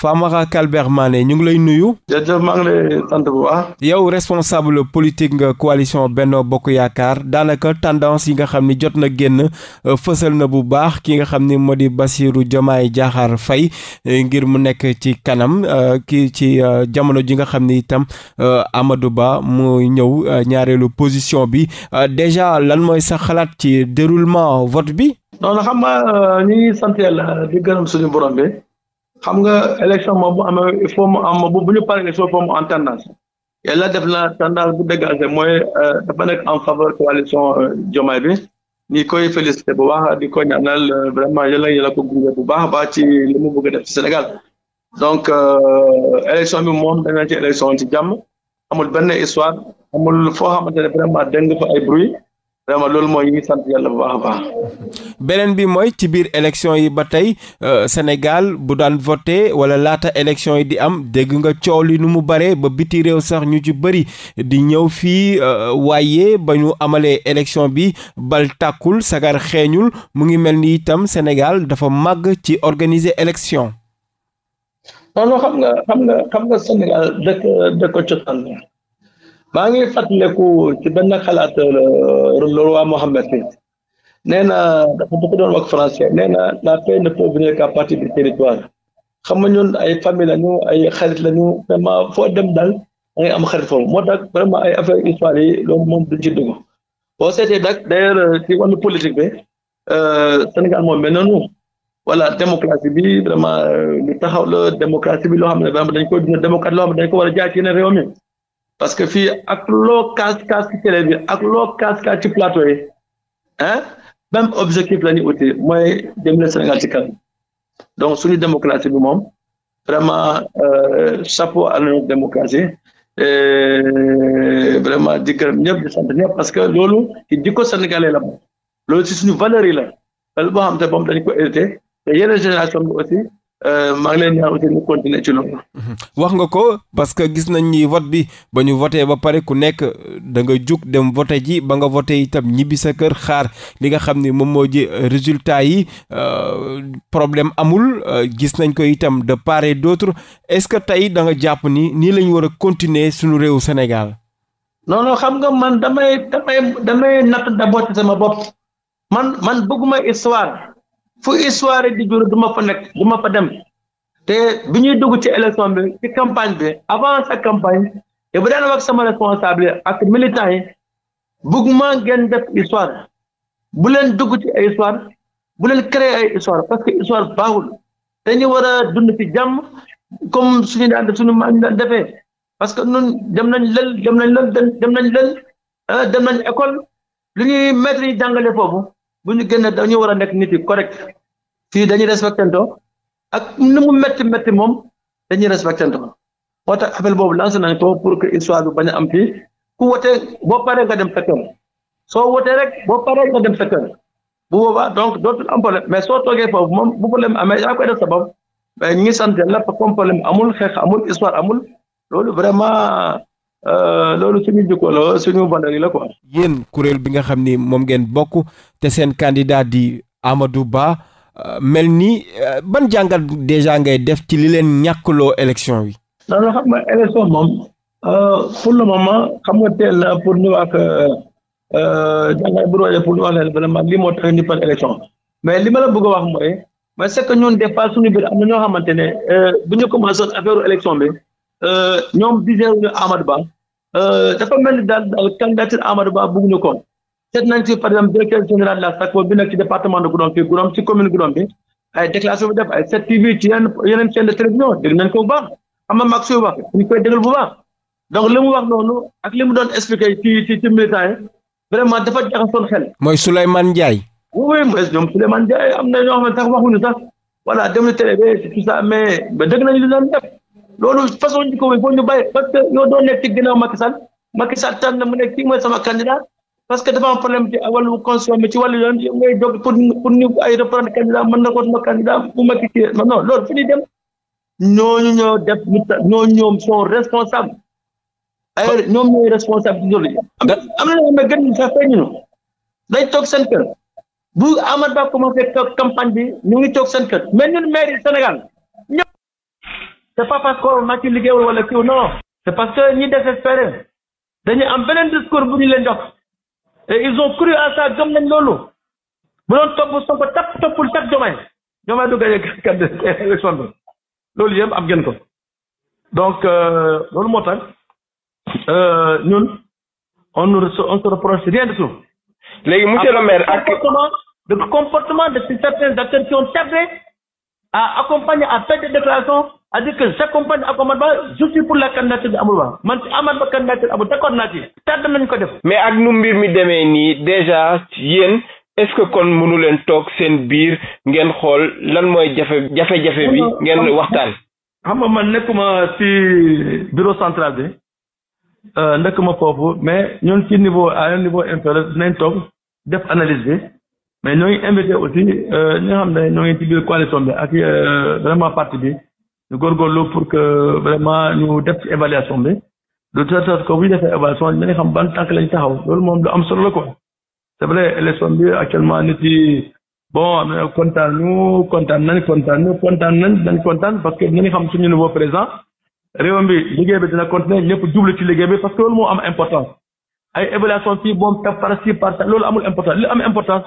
Famara Kalbert Mané ñu ngi lay nuyu. maa yow responsable politique nga coalition benn Bokk Yaakaar daanaka tendance yi nga xam ni jot na génn euh, fësal na bu baax ki nga xam ni moo di Bassirou Diomaye Diakhar Faye euh, ngir mu nekk ci kanam euh, kii ci jamono ji nga xam ni itam Amadou Ba mu ñëw ñaareelu position bi déjà lan mooy sax xalaat ci déroulement vote bi. non xam nga ñu ngi sant yàlla di gërëm suñu borom bi. xam nga élection moom bu am il mu am bu ñu paree élection il faut mu am tendance yàlla def na tendance bu dégagé mooy euh, dafa nekk en faveur coalition euh, Diomaye bi ñi koy félicité bu baax di ko ñaanal euh, vraiment yàlla yàlla ko gunge bu baax baax ci li mu bëgg a def ci Sénégal donc élection bi moom dana ci élection ci jàmm amul benn histoire amul foo xamante ne vraiment dégg nga fa ay bruit vraiment loolu mooy ñu sant yàlla beneen bi mooy ci biir élection yi ba tey euh, Sénégal bu daan vote wala laata élection yi di am dégg nga coow li nu mu bare ba biti réew sax ñu ci bëri di ñëw fii euh, waaye ba ñu amalee élection bi bal tàkkul sagar xeeñul mu ngi mel ni itam Sénégal dafa màgg ci organiser élection. maa ngi fàttaliku ci benn xalaat euh, loolu waa Mohamed fi nee na dafa bu doon wax français nee na la paix ne peut venir qu'à du territoire xam nga ñun ay famille lañu ay xarit lañu vraiment foo dem daal da ngay am xarit foofu moo tax ay affaire histoire yi loolu moom duñ ci dugg boo seetee nag d'ailleurs euh, ci wàllu politique bi euh, Sénégal moom mel noonu voilà démocratie bi vraiment lu taxaw démocratie bi loo xam ne dañ koy dina démocratie a jaar ci yeneen réew mi parce que fii ak loo kaas kaas ci télé ak loo kaas kaas ci plateau yi ah même objectif la ñu uti mooy jëmale Sénégal ci kanam donc suñu démocratie bi moom vraiment euh, chapeau à notre démocratie vraiment di gërëm ñëpp di ñëpp parce que loolu ci jikko sénégalais la loolu ci suñu valeur yi la loolu boo xam te moom dañu ko hérité te yeneen génération bi aussi. Euh, maa ngi leen ñaax aussi ñu ci loolu. Mmh. wax nga ko parce que gis nañ ni vote bi ba ñu voté ba pare ku nekk da nga jug dem voté ji ba nga voté itam ñibbi sa kër xaar li nga xam ni moom moo ji résultat yi euh, problème amul euh, gis nañ ko itam de part d'autre est-ce que tey da nga jàpp ni nii la ñu war a continuer suñu réew Sénégal. non xam nga man damay damay damay natt d'abord sama bopp man man bëgguma histoire. fu histoire di jur du ma fa nekk du ma fa dem te bi ñuy dugg ci élection bi ci campagne bi avant sa campagne te bu daan wax sama responsable ak militant yi bugguma gen def histoire bu leen dugg ci ay histoire bu leen créer ay histoire parce que histoire baaxul dañu war a dund ci jàmm comme suñu daan suñu maa defee parce que nun dem nañ lël dem nañ lël dem nañ lël ah, dem nañ école lu ñuy maître yi jàngale foofu bu ñu génne dañu war a nekk nit yi correct fii dañuy respectanto ak nu mu métti métti moom dañuy respectanto moo tax appel boobu lancé nañ ko pour que histoire bi bañ a am fii ku wote boo paree nga dem sa kër soo wotee rek boo paree nga dem sa kër bu boobaa donc dootul am problème mais soo toogee foofu moom bu problème amee yaa koy def sa bopp mais ñi sant yàlla comme problème amul xeex amul histoire amul loolu vraiment Euh, loolu suñu jikko la suñu valeur yi la quoi. yéen kuréel bi nga xam ni moom ngeen bokk te seen candidat di Amadou Ba euh, mel ni euh, ban jàngat déjà ngay def ci li leen ñàkkloo élection bi. non non xam nga élection moom pour le xam nga teel na pour ñu wax jàngat bu doole pour ñu wax leen vraiment lii moo tax ñu par élection mais li ma a wax mooy mais c'est que ñun des fois suñu biir am na ñoo xamante ne bu ñu commencé woon affaire élection bi ñoom diseeruñu Amadou Ba. Euh, dafa mel ni daal daal candidature Amadou Ba bugg ñu ko seet nañ ci par exemple directeur général la SACCO bi nekk ci département de Goudomp fii Goudomp ci commune Goudomp bi ay déclaration bi def ay 7TV ci yeneen yeneen de télévision dégg nañ ko bu baax am na wax donc li wax noonu ak li mu expliqué ci ci yi vraiment dafa jaxasoon xel. mooy Souleymane Ndiaye. oui mooy ñoom Souleymane Ndiaye am na ñoo xam sax waxuñu sax voilà dem na télé bi tout mais ba dégg loolu façon jikko bi foo ñu bàyyi parce que yow doo nekk ci ginnaaw Macky Sall Macky Sall tànn mu nekk kii mooy sama candidat parce que dafa am problème ci wàllu constitution bi ci wàllu yoon yow ngay jóg pour pour ñu ay reprendre candidat mën na ko sama candidat bu Macky kii non fi ñuy dem ñooñu ñoo def ñooñu ñoom sont ay ñoom ñooy responsable ci loolu am na loo xam gën sax feeñu ñu day toog seen kër bu Amadou Ba commencé campagne bi ñu ngi toog seen kër mais ñun maire Sénégal c'est pas parce qu'on Macky liggéeyul wala kiw non c'est parce que ñi désespéré dañu am beneen discours bu ñu leen jox et ils ont cru à ça gëm nañ loolu bu doon topp Sonko tap toppul tap Diomaye Diomaye du gagné élection bi loolu yëpp am ngeen ko donc euh, loolu moo tax euh, ñun on ne se reproche rien du tout. léegi monsieur le maire ak le comportement de certains acteurs qui ont tardé à accompagner à faire des déclarations c'est-à-dire que sa compagne ak Ba je suis pour la candidature de Amadou Ba man ci Amadou Ba candidature Amadou d'accord naa ci tàdd nañ ko def. mais ak nu mbir mi demee nii déjà yéen est-ce que kon mënu leen toog seen biir ngeen xool lan mooy jafe jafe-jafe bi ngeen waxtaan. xam nga man nekkuma ci bureau central bi euh, nekkuma foofu mais ñun ci niveau à un niveau inférieur dinañ toog def analyse bi mais ñoo ngi invité aussi euh, ñi nga xam ne ñoo ngi ci biir coalition bi ak euh, vraiment parti bi. ñu góorgóorlu pour que vraiment ñu def ci évaluation bi de telle sorte que bu ñu defee évaluation dinañ xam ban tànk lañ taxaw loolu moom lu am solo la quoi c'est vrai élection bi actuellement nit yi bon am na kontaan ñu kontaan nañ kontaan ñu kontaan nañ dañ kontaan parce que dinañ xam suñu niveau présent réew mi liggéey bi dina continuer ñëpp jublu ci liggéey bi parce que loolu moo am importance ay évaluation fii moom taf par ci par loolu amul importance am importance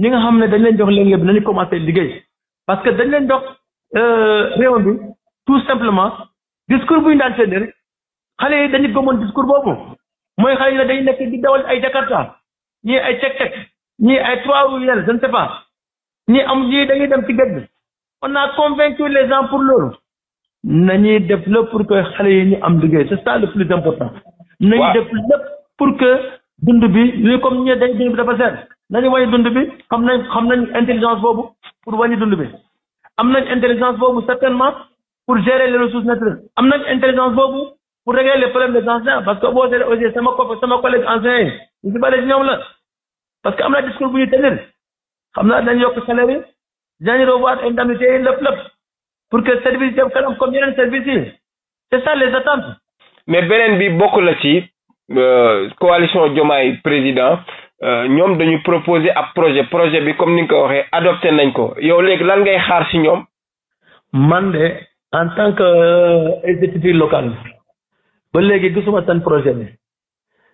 ñi nga ne dañ leen jox liggéey bi nañu commencé liggéey parce que dañ leen jox euh, réew bi tout simplement discours bu ñu daan sédd rek xale yi dañu gëmoon discours boobu mooy xale yi dañu nekk di dawal ay jakarta ñii ay cek-cek ñii ay trois roues je ne sais pas ñii am ñii dañuy dem ci géej bi on a convaincu les gens pour loolu nañuy def lépp pour que xale yi ñu am liggéey c'est ça le plus important nañu def lépp pour que dund bi luy comme ñu day dund bi dafa seet nañu wàññi dund bi xam nañ xam nañ intelligence boobu pour wàññi dund bi am nañ intelligence boobu certainement pour gérer les ressources naturelles am nañ intelligence boobu pour régler les problèmes des enseignants parce que boo seetlee aussi sama co sama collègue enseignant yi ñu si bëri la parce que am na discours bu tenir xam naa dañ yokk salaire yi dinañ revoir indemnité yi pour que service yi kanam comme yeneen service yi c'est ça les attentes. mais beneen bi bokk la ci euh, coalition Diomaye président euh, ñoom dañu proposer a projet projet bi comme ni nga ko waxee adopté nañ ko yow léegi lan ngay xaar si ñoom. man de en tant que euh, exécutif local ba léegi gisuma seen projet bi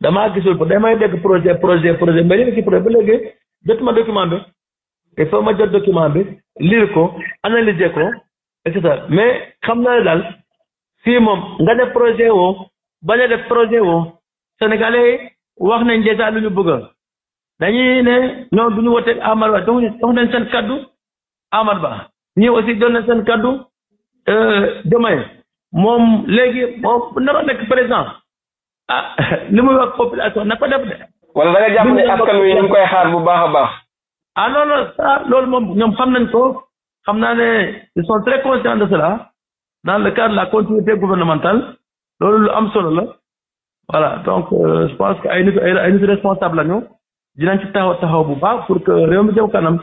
dama gisul damay dégg projet projet projet mais léegi si ba léegi jotuma document bi il faut ma jot document bi liir ko analyser ko et mais xam naa ne daal fii moom nga def projet woo bañ a def projet woo sénégalais wax na déjà lu ñu bëgg dañuy ne ñoom du ñu woteeg Amadou Ba jox nañ seen kaddu Amadou Ba ñii aussi doon nañ seen kaddu. Euh, Diomaye moom léegi moom na ma nekk président ah li muy wax population na ko def de. wala da nga jàpp ne askan wi ñu ngi koy xaar bu baax a baax. ah non non ça loolu moom ñoom xam nañ ko xam naa ne ils sont très conscients de cela dans le cadre la continuité gouvernementale loolu lu am solo la voilà donc euh, je pense que ay nit ay nit responsable lañu dinañ ci taxaw taxaw bu baax pour que réew mi jëm kanam.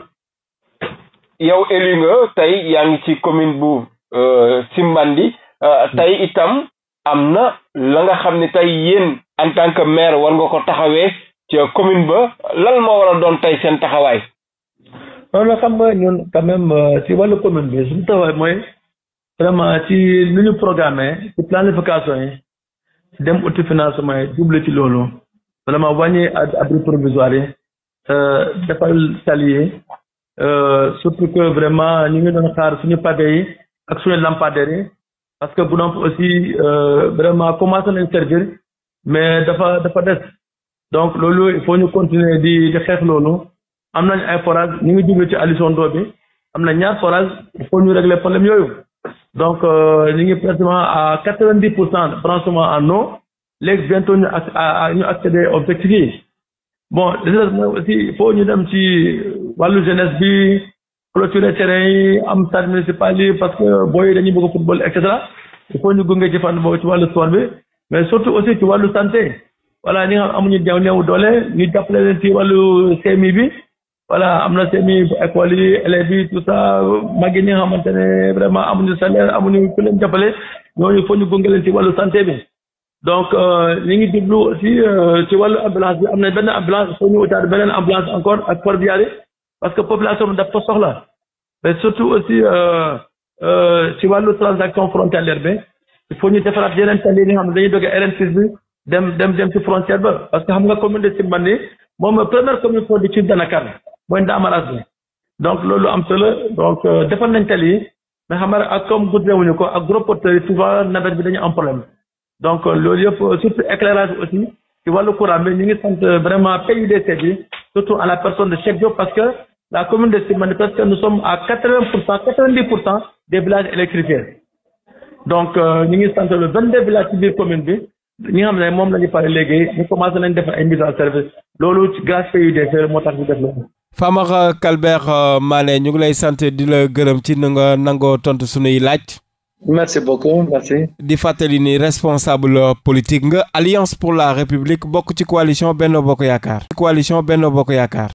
yow élu nga tey yaa ngi ci commune bu. Euh, simbandi euh, hmm. tey itam am na la nga xam ni tey yéen en tant maire war nga ko taxawee ci commune ba lan moo war doon tey seen taxawaay. Euh, loolu xam nga ñun quand ci wàllu commune bi suñu taxawaay mooy vraiment ci nu programme ci planification yi dem uti financement yi double ci loolu vraiment wàññi abri provisoire yi defal tali surtout que vraiment ñu ngi doon xaar suñu pavé yi. ak suñu lampadaire parce que bu namp aussi euh, vraiment commencé nañ servir mais dafa dafa des donc loolu il faut ñu continuer di di xeex loolu am nañ ay forage ñu ngi jublu ci Alisonto bi am na ñaar forage il ñu régler problème yooyu donc euh, ñu ngi pratiquement à quatre vingt dix pour cent branchement en eau léegi bientôt ñu ak ñu accéder objectif yi bon aussi il ñu dem ci wàllu jeunesse bi clôturer terrain yi am stade municipal yi parce que booy dañuy bëgg football et cetera ñu gunge ci fànn boobu ci wàllu sport bi mais surtout aussi ci wàllu santé voilà ñi nga xam amuñu néew doole ñu jàppale leen ci wàllu CMI bi wala am na CMI école yi élèves yi tout ça màgg ñi nga xamante ne vraiment amuñu salaire amuñu ku leen jàppale ñooñu il faut ñu gunge leen ci wàllu santé bi donc euh, ñi ngi jublu aussi euh, ci wàllu ambulance bi am na benn ambulance il faut ñu utaat beneen ambulance ak Port parce que population bi daf ko soxla mais surtout aussi euh, euh, ci wàllu transaction frontalière bi il faut ñu defaraat yeneen tali yi xam ne dañuy doge RN6 bi dem dem dem ci frontière ba parce que xam nga commune de Simbandi moom première commune productive de Dakar mooy Ndamaras bi donc loolu am solo donc euh, defar nañ tali yi mais xam nga ak comme goudron ñu ko ak gros porteurs yi souvent nawet bi dañu am problème donc loolu yëpp surtout éclairage aussi ci wàllu courant ñu vraiment surtout à la personne de Cheikh Diop, parce que la commune de Sine manifeste que nous sommes à 80%, 90% des villages électrifiés. donc euh, ñu ngi sant le 22 ci biir commune bi ñi nga xam ne moom la ñu pare léegi ñu commencé nañ def ay mise en service loolu grâce PUDC moo tax ñu def loolu. Famara Kalbert euh, Mané ñu ngi lay sant di la gërëm ci na nga nangoo tontu sunuy laaj. merci beaucoup merci. di fàttali ni responsable politique nga Alliance pour la République bokk ci coalition Benno Bokk Yaakaar. coalition Benno Bokk Yaakaar.